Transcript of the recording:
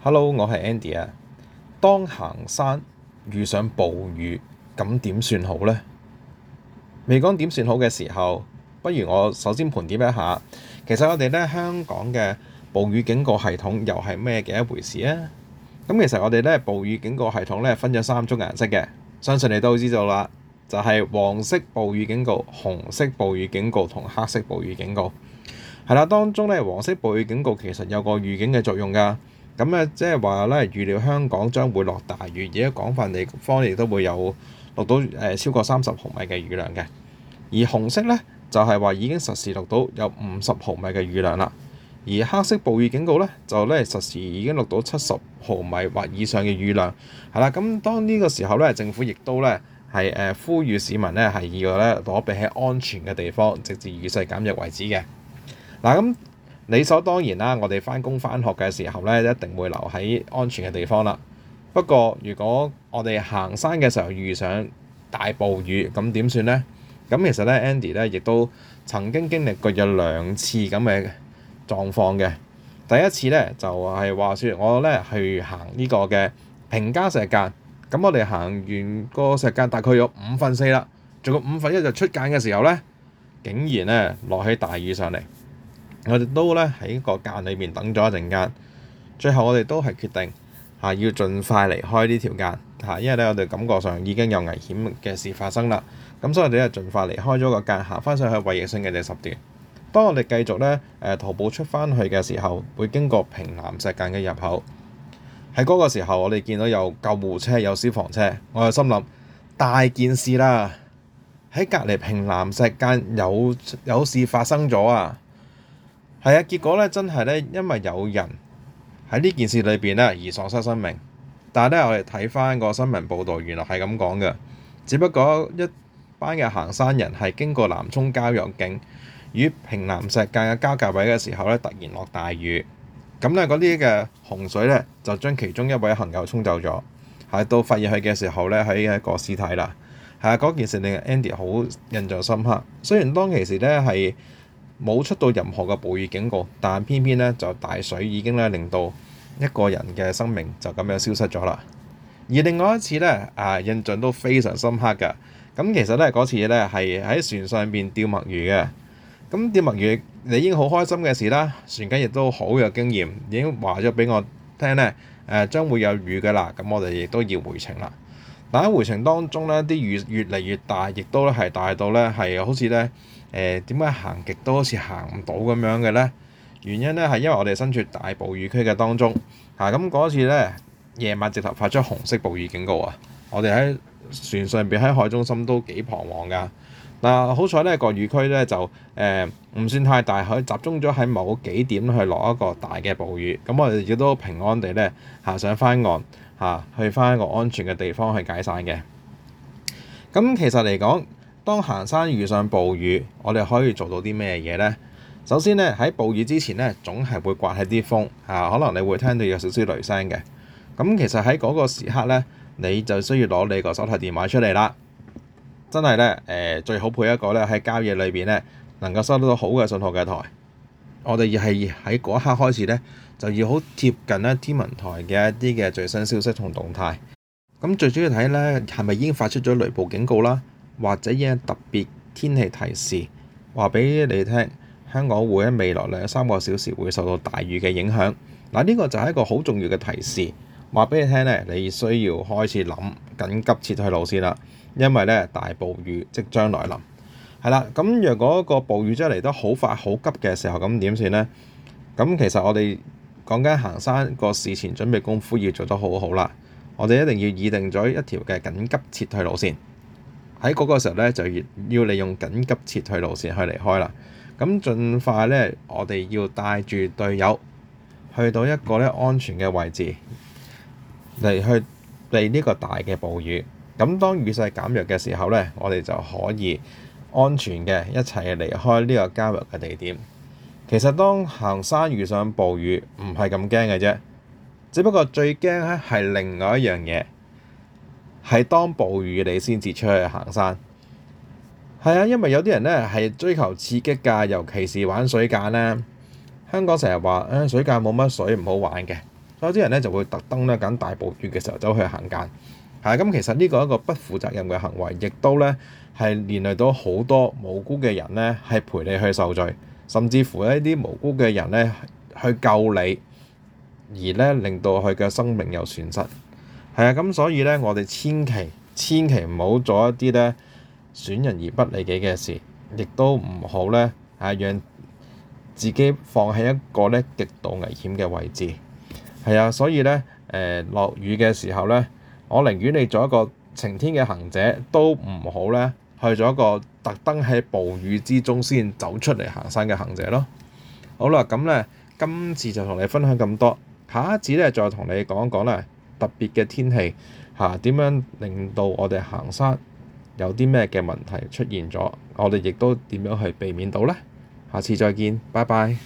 Hello，我係 Andy 啊。當行山遇上暴雨，咁點算好咧？未講點算好嘅時候，不如我首先盤點一下。其實我哋咧香港嘅暴雨警告系統又係咩嘅一回事咧？咁其實我哋咧暴雨警告系統咧分咗三種顏色嘅，相信你都知道啦，就係黃色暴雨警告、紅色暴雨警告同黑色暴雨警告。係啦，當中咧黃色暴雨警告其實有個預警嘅作用㗎。咁咧，即係話咧，預料香港將會落大雨，而喺廣泛地方亦都會有落到誒超過三十毫米嘅雨量嘅。而紅色咧，就係話已經實時錄到有五十毫米嘅雨量啦。而黑色暴雨警告咧，就咧實時已經錄到七十毫米或以上嘅雨量。係啦，咁當呢個時候咧，政府亦都咧係誒呼籲市民咧係要咧躲避喺安全嘅地方，直至雨勢減弱為止嘅。嗱咁。理所當然啦，我哋翻工翻學嘅時候咧，一定會留喺安全嘅地方啦。不過，如果我哋行山嘅時候遇上大暴雨，咁點算呢？咁其實咧，Andy 咧亦都曾經經歷過有兩次咁嘅狀況嘅。第一次咧就係話説我咧去行呢個嘅平家石澗，咁我哋行完個石澗大概有五分四啦，仲有五分一就出澗嘅時候咧，竟然咧落起大雨上嚟。我哋都咧喺個間裏面等咗一陣間，最後我哋都係決定嚇要盡快離開呢條間嚇，因為咧我哋感覺上已經有危險嘅事發生啦。咁所以我哋咧盡快離開咗個間，行翻上去衛奕信徑嘅第十段。當我哋繼續咧誒徒步出翻去嘅時候，會經過平南石間嘅入口。喺嗰個時候，我哋見到有救護車、有消防車，我就心諗大件事啦！喺隔離平南石間有有事發生咗啊！係啊，結果咧真係咧，因為有人喺呢件事裏邊咧而喪失生命。但係咧，我哋睇翻個新聞報導，原來係咁講嘅。只不過一班嘅行山人係經過南涌郊遊徑與屏南石澗嘅交界位嘅時候咧，突然落大雨。咁咧嗰啲嘅洪水咧就將其中一位行友沖走咗。係到發現佢嘅時候咧，喺一個屍體啦。係啊，嗰件事令 Andy 好印象深刻。雖然當其時咧係。冇出到任何嘅暴雨警告，但偏偏咧就大水已經咧令到一個人嘅生命就咁樣消失咗啦。而另外一次咧，啊印象都非常深刻㗎。咁其實咧嗰次咧係喺船上邊釣墨魚嘅。咁釣墨魚你已經好開心嘅事啦。船家亦都好有經驗，已經話咗俾我聽咧，誒、啊、將會有雨㗎啦。咁我哋亦都要回程啦。但喺回程當中咧，啲雨越嚟越大，亦都咧係大到咧係好似咧。誒，點解行極都好似行唔到咁樣嘅咧？原因咧係因為我哋身處大暴雨區嘅當中嚇，咁嗰次咧夜晚直頭發出紅色暴雨警告啊！我哋喺船上邊喺海中心都幾彷徨噶。嗱，好彩咧，個雨區咧就誒唔算太大，可以集中咗喺某幾點去落一個大嘅暴雨。咁我哋亦都平安地咧行上翻岸嚇，去翻一個安全嘅地方去解散嘅。咁其實嚟講，當行山遇上暴雨，我哋可以做到啲咩嘢呢？首先呢，喺暴雨之前呢，總係會刮起啲風啊，可能你會聽到有少少雷聲嘅。咁其實喺嗰個時刻呢，你就需要攞你個手提電話出嚟啦。真係呢，誒、呃、最好配一個呢喺郊野裏邊呢，能夠收得到好嘅信號嘅台。我哋亦係喺嗰一刻開始呢，就要好貼近呢天文台嘅一啲嘅最新消息同動態。咁最主要睇呢，係咪已經發出咗雷暴警告啦？或者有特別天氣提示話俾你聽，香港會喺未來兩三個小時會受到大雨嘅影響。嗱，呢個就係一個好重要嘅提示，話俾你聽咧，你需要開始諗緊急撤退路線啦。因為咧，大暴雨即將來臨。係啦，咁若果個暴雨真係嚟得好快好急嘅時候，咁點算咧？咁其實我哋講緊行山個事前準備功夫要做得好好啦。我哋一定要擬定咗一條嘅緊急撤退路線。喺嗰個時候咧，就要要利用緊急撤退路線去離開啦。咁盡快咧，我哋要帶住隊友去到一個咧安全嘅位置，嚟去避呢個大嘅暴雨。咁當雨勢減弱嘅時候咧，我哋就可以安全嘅一齊離開呢個郊遊嘅地點。其實當行山遇上暴雨，唔係咁驚嘅啫，只不過最驚咧係另外一樣嘢。係當暴雨你先至出去行山。係啊，因為有啲人咧係追求刺激㗎，尤其是玩水澗咧。香港成日話咧水澗冇乜水唔好玩嘅，所以啲人咧就會特登咧揀大暴雨嘅時候走去行澗。係啊，咁其實呢個一個不負責任嘅行為，亦都咧係連累到好多無辜嘅人咧，係陪你去受罪，甚至乎呢啲無辜嘅人咧去救你，而咧令到佢嘅生命有損失。係啊，咁所以咧，我哋千祈千祈唔好做一啲咧損人而不利己嘅事，亦都唔好咧啊，讓自己放喺一個咧極度危險嘅位置。係啊，所以咧誒落雨嘅時候咧，我寧願你做一個晴天嘅行者，都唔好咧去做一個特登喺暴雨之中先走出嚟行山嘅行者咯。好啦，咁咧今次就同你分享咁多，下一次咧再同你講一講啦。特別嘅天氣嚇，啊，點樣令到我哋行山有啲咩嘅問題出現咗？我哋亦都點樣去避免到呢？下次再見，拜拜。